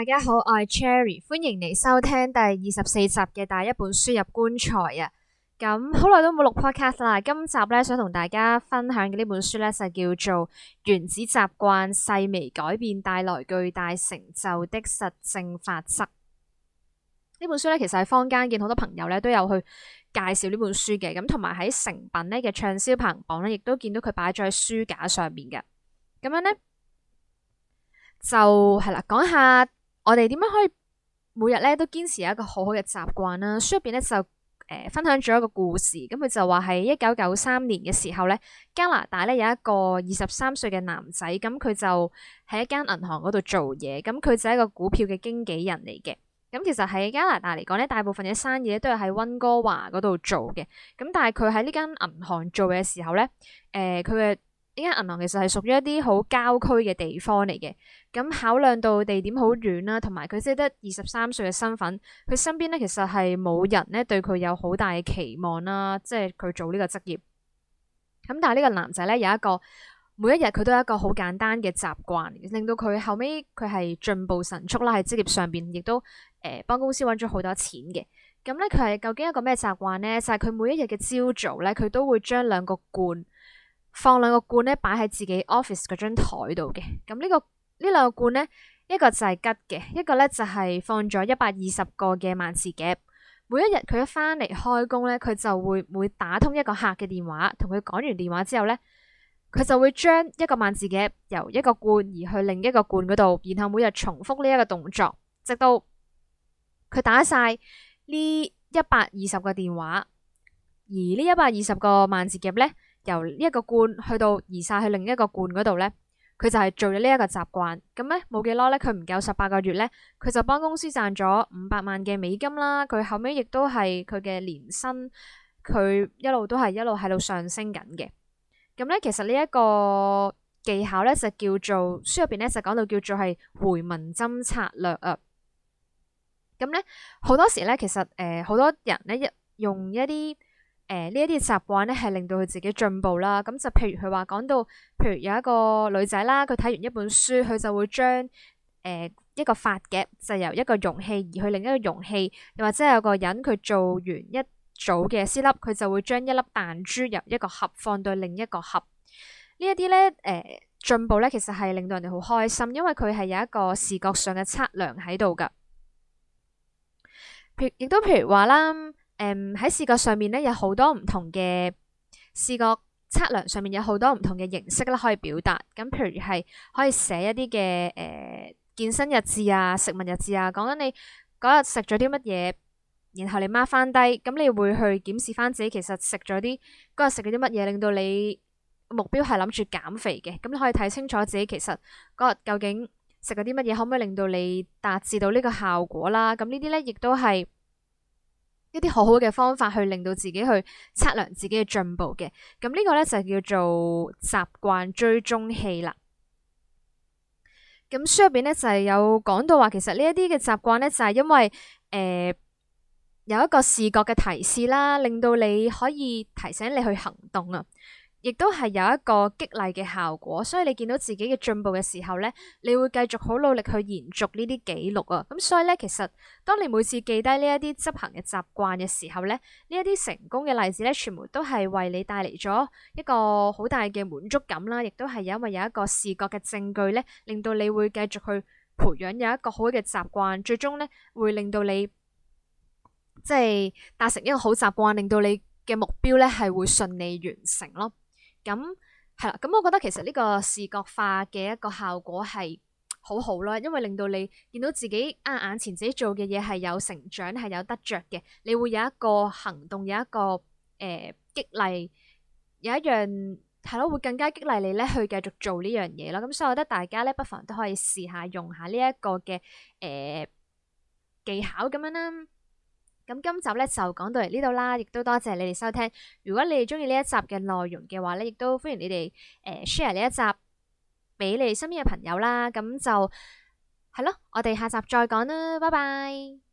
大家好，我係 Cherry，歡迎你收聽第二十四集嘅帶一本書入棺材啊！咁好耐都冇錄 podcast 啦，今集咧想同大家分享嘅呢本書咧就叫做《原子習慣：細微改變帶來巨大成就的實證法則》。呢本書咧其實喺坊間見好多朋友咧都有去介紹呢本書嘅，咁同埋喺成品咧嘅暢銷排行榜咧亦都見到佢擺咗喺書架上面嘅。咁樣咧就係啦，講下。我哋點樣可以每日咧都堅持有一個好好嘅習慣啦？書入邊咧就誒、呃、分享咗一個故事，咁、嗯、佢就話喺一九九三年嘅時候咧，加拿大咧有一個二十三歲嘅男仔，咁、嗯、佢就喺一間銀行嗰度做嘢，咁、嗯、佢就係一個股票嘅經紀人嚟嘅。咁、嗯、其實喺加拿大嚟講咧，大部分嘅生意咧都係喺溫哥華嗰度做嘅。咁、嗯、但係佢喺呢間銀行做嘅時候咧，誒、呃、佢嘅。呢間銀行其實係屬於一啲好郊區嘅地方嚟嘅，咁考量到地點好遠啦，同埋佢只係得二十三歲嘅身份，佢身邊咧其實係冇人咧對佢有好大嘅期望啦，即係佢做呢個職業。咁但係呢個男仔咧有一個每一日佢都有一個好簡單嘅習慣，令到佢後尾佢係進步神速啦，喺職業上邊亦都誒幫、呃、公司揾咗好多錢嘅。咁咧佢係究竟一個咩習慣咧？就係、是、佢每一日嘅朝早咧，佢都會將兩個罐。放兩個罐咧，擺喺自己 office 嗰張台度嘅、這個。咁呢個呢兩個罐咧，一個就係吉嘅，一個咧就係放咗一百二十個嘅萬字夾。每一日佢一翻嚟開工咧，佢就會每打通一個客嘅電話，同佢講完電話之後咧，佢就會將一個萬字夾由一個罐移去另一個罐嗰度，然後每日重複呢一個動作，直到佢打晒呢一百二十個電話。而呢一百二十個萬字夾咧。由呢一個罐去到移晒去另一個罐嗰度咧，佢就係做咗呢一個習慣。咁咧冇幾耐咧，佢唔夠十八個月咧，佢就幫公司賺咗五百萬嘅美金啦。佢後尾亦都係佢嘅年薪，佢一路都係一路喺度上升緊嘅。咁咧，其實呢一個技巧咧就叫做書入邊咧就講到叫做係迴紋針策略啊。咁咧好多時咧，其實誒好多人咧用一啲。誒呢一啲習慣咧，係令到佢自己進步啦。咁就譬如佢話講到，譬如有一個女仔啦，佢睇完一本書，佢就會將誒一個髮夾，就由一個容器移去另一個容器，又或者有個人佢做完一組嘅絲粒，佢就會將一粒彈珠由一個盒放到另一個盒。呢一啲咧誒進步咧，其實係令到人哋好開心，因為佢係有一個視覺上嘅測量喺度噶。亦都譬如話啦。誒喺、嗯、視覺上面咧，有好多唔同嘅視覺測量，上面有好多唔同嘅形式啦，可以表達。咁譬如係可以寫一啲嘅誒健身日誌啊、食物日誌啊，講緊你嗰日食咗啲乜嘢，然後你 mark 翻低，咁你會去檢視翻自己其實食咗啲嗰日食咗啲乜嘢，令到你目標係諗住減肥嘅，咁你可以睇清楚自己其實嗰日究竟食咗啲乜嘢，可唔可以令到你達至到呢個效果啦？咁呢啲咧亦都係。一啲好好嘅方法去令到自己去測量自己嘅進步嘅，咁呢個咧就叫做習慣追蹤器啦。咁書入邊咧就係有講到話，其實呢一啲嘅習慣咧就係、是、因為誒、呃、有一個視覺嘅提示啦，令到你可以提醒你去行動啊。亦都係有一個激勵嘅效果，所以你見到自己嘅進步嘅時候咧，你會繼續好努力去延續呢啲記錄啊。咁所以咧，其實當你每次記低呢一啲執行嘅習慣嘅時候咧，呢一啲成功嘅例子咧，全部都係為你帶嚟咗一個好大嘅滿足感啦。亦都係因為有一個視覺嘅證據咧，令到你會繼續去培養有一個好嘅習慣，最終咧，會令到你，即係達成一個好習慣，令到你嘅目標咧係會順利完成咯。咁係啦，咁、嗯嗯嗯、我覺得其實呢個視覺化嘅一個效果係好好啦，因為令到你見到自己啊，眼前自己做嘅嘢係有成長，係有得着嘅，你會有一個行動，有一個誒、呃、激勵，有一樣係咯，會更加激勵你咧去繼續做呢樣嘢咯。咁、嗯、所以我覺得大家咧不妨都可以試下用下呢一個嘅誒、呃、技巧咁樣啦。咁今集咧就講到嚟呢度啦，亦都多謝你哋收聽。如果你哋中意呢一集嘅內容嘅話咧，亦都歡迎你哋誒 share 呢一集俾你身邊嘅朋友啦。咁就係咯，我哋下集再講啦，拜拜。